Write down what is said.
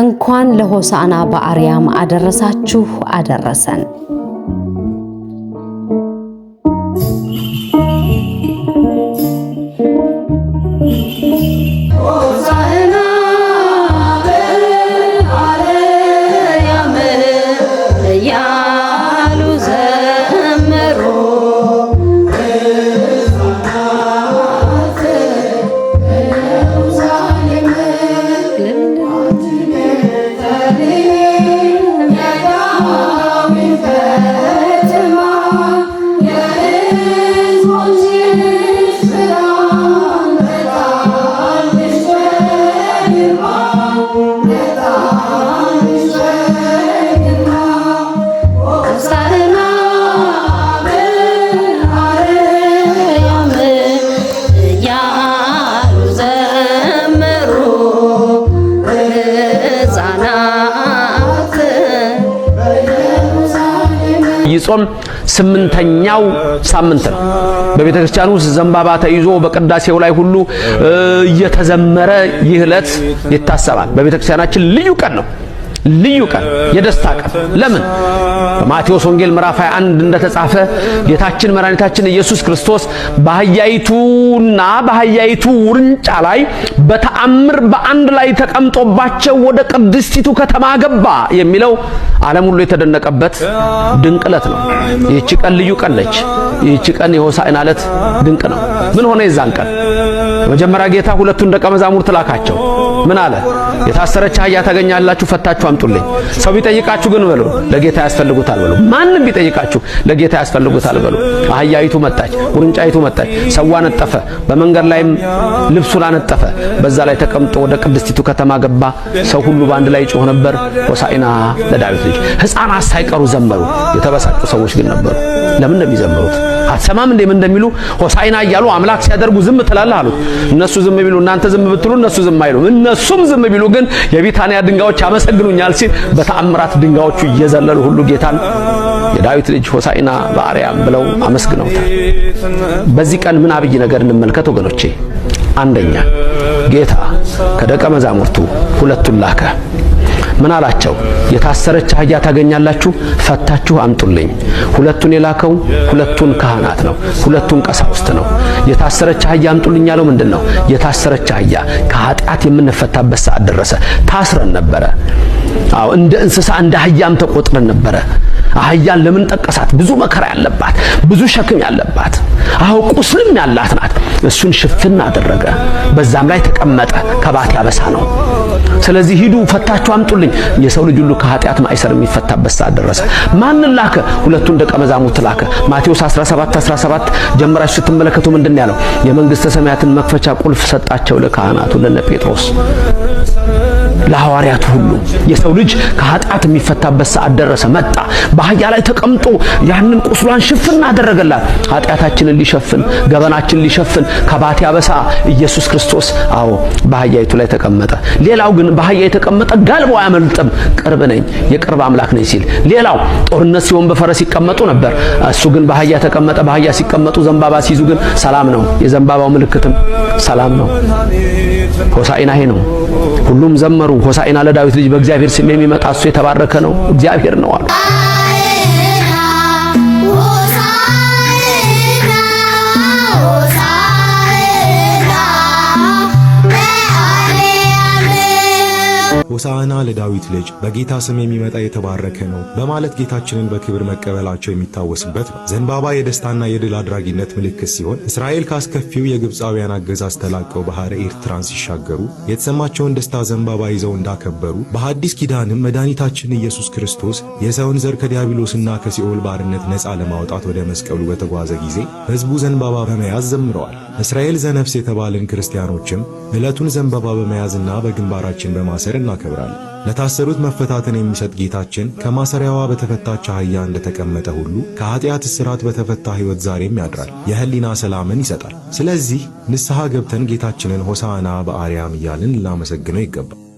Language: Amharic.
እንኳን ለሆሳዕና በአርያም አደረሳችሁ አደረሰን። ጾም ስምንተኛው ሳምንት ነው። በቤተ ክርስቲያን ውስጥ ዘንባባ ተይዞ በቅዳሴው ላይ ሁሉ እየተዘመረ ይህ ዕለት ይታሰባል። በቤተ ክርስቲያናችን ልዩ ቀን ነው። ልዩ ቀን፣ የደስታ ቀን። ለምን? በማቴዎስ ወንጌል ምዕራፍ 21 እንደተጻፈ ጌታችን መድኃኒታችን ኢየሱስ ክርስቶስ በአህያይቱና በአህያይቱ ውርንጫ ላይ በተአምር በአንድ ላይ ተቀምጦባቸው ወደ ቅድስቲቱ ከተማ ገባ የሚለው ዓለም ሁሉ የተደነቀበት ድንቅ ዕለት ነው። ይህች ቀን ልዩ ቀን ነች። ይህች ቀን የሆሳዕና ዕለት ድንቅ ነው። ምን ሆነ? የዛን ቀን መጀመሪያ ጌታ ሁለቱን ደቀ መዛሙርት ላካቸው። ምን አለ? የታሰረች አህያ ታገኛላችሁ፣ ፈታችሁ አምጡልኝ። ሰው ቢጠይቃችሁ ግን በሉ ለጌታ ያስፈልጉታል በሉ። ማንም ቢጠይቃችሁ ለጌታ ያስፈልጉታል በሉ። አህያይቱ መጣች፣ ውርንጫይቱ መጣች፣ ሰው አነጠፈ፣ በመንገድ ላይም ልብሱን አነጠፈ። በዛ ላይ ተቀምጦ ወደ ቅድስቲቱ ከተማ ገባ። ሰው ሁሉ በአንድ ላይ ጮህ ነበር፣ ሆሳዕና ለዳዊት ልጅ። ሕፃናት ሳይቀሩ ዘመሩ። የተበሳጩ ሰዎች ግን ነበሩ። ለምን እንደሚዘምሩት አትሰማም እንዴ ምን እንደሚሉ ሆሳዕና እያሉ አምላክ ሲያደርጉ ዝም ትላለህ አሉት። እነሱ ዝም ቢሉ እናንተ ዝም ብትሉ እነሱ ዝም አይሉ፣ እነሱም ዝም ቢሉ ግን የቢታንያ ድንጋዮች ያመሰግኑኛል ይገኛል ሲል በተአምራት ድንጋዮቹ እየዘለሉ ሁሉ ጌታን የዳዊት ልጅ ሆሳዕና በአርያም ብለው አመስግነውታል። በዚህ ቀን ምን አብይ ነገር እንመልከት ወገኖቼ። አንደኛ ጌታ ከደቀ መዛሙርቱ ሁለቱን ላከ። ምን አላቸው? የታሰረች አህያ ታገኛላችሁ፣ ፈታችሁ አምጡልኝ። ሁለቱን የላከው ሁለቱን ካህናት ነው፣ ሁለቱን ቀሳውስት ነው። የታሰረች አህያ አምጡልኝ ያለው ምንድን ነው? የታሰረች አህያ ከኃጢአት የምንፈታበት ሰዓት ደረሰ። ታስረን ነበረ። አዎ እንደ እንስሳ እንደ አህያም ተቆጥረን ነበረ። አህያን ለምን ጠቀሳት? ብዙ መከራ ያለባት፣ ብዙ ሸክም ያለባት፣ አዎ ቁስልም ያላት ናት። እሱን ሽፍን አደረገ፣ በዛም ላይ ተቀመጠ። ከባት ያበሳ ነው። ስለዚህ ሂዱ ፈታችሁ አምጡልኝ። የሰው ልጅ ሁሉ ከኃጢአት ማይሰር የሚፈታበት ሰዓት ደረሰ። ማን ላከ? ሁለቱን ደቀ መዛሙርት ላከ። ማቴዎስ 17 17 ጀምራችሁ ስትመለከቱ ምንድን ያለው? የመንግስተ ሰማያትን መክፈቻ ቁልፍ ሰጣቸው ለካህናቱ ለነ ጴጥሮስ ለሐዋርያት ሁሉ የሰው ልጅ ከኃጢአት የሚፈታበት ሰዓት ደረሰ፣ መጣ። በአህያ ላይ ተቀምጦ ያንን ቁስሏን ሽፍን አደረገላት። ኃጢአታችንን ሊሸፍን ገበናችን ሊሸፍን ከባቲ አበሳ ኢየሱስ ክርስቶስ አዎ በአህያይቱ ላይ ተቀመጠ። ሌላው ግን በአህያ የተቀመጠ ጋልቦ አያመልጥም፣ ቅርብ ነኝ፣ የቅርብ አምላክ ነኝ ሲል። ሌላው ጦርነት ሲሆን በፈረስ ይቀመጡ ነበር። እሱ ግን በአህያ ተቀመጠ። በአህያ ሲቀመጡ ዘንባባ ሲይዙ ግን ሰላም ነው፣ የዘንባባው ምልክትም ሰላም ነው። ሆሳኢና ይሄ ነው። ሁሉም ዘመሩ። ሆሳኢና ለዳዊት ልጅ በእግዚአብሔር ስም የሚመጣ እሱ የተባረከ ነው፣ እግዚአብሔር ነው አሉ። ሆሳዕና ለዳዊት ልጅ በጌታ ስም የሚመጣ የተባረከ ነው በማለት ጌታችንን በክብር መቀበላቸው የሚታወስበት ነው። ዘንባባ የደስታና የድል አድራጊነት ምልክት ሲሆን እስራኤል ካስከፊው የግብፃውያን አገዛዝ ተላቀው ባህረ ኤርትራን ሲሻገሩ የተሰማቸውን ደስታ ዘንባባ ይዘው እንዳከበሩ፣ በሐዲስ ኪዳንም መድኃኒታችን ኢየሱስ ክርስቶስ የሰውን ዘር ከዲያብሎስና ከሲኦል ባርነት ነፃ ለማውጣት ወደ መስቀሉ በተጓዘ ጊዜ ሕዝቡ ዘንባባ በመያዝ ዘምረዋል። እስራኤል ዘነፍስ የተባልን ክርስቲያኖችም ዕለቱን ዘንባባ በመያዝና በግንባራችን በማሰር እናከብራል። እናከብራለን። ለታሰሩት መፈታትን የሚሰጥ ጌታችን ከማሰሪያዋ በተፈታች አህያ እንደተቀመጠ ሁሉ ከኃጢአት እስራት በተፈታ ሕይወት ዛሬም ያድራል፣ የህሊና ሰላምን ይሰጣል። ስለዚህ ንስሐ ገብተን ጌታችንን ሆሳዕና በአርያም እያልን ልናመሰግነው ይገባል።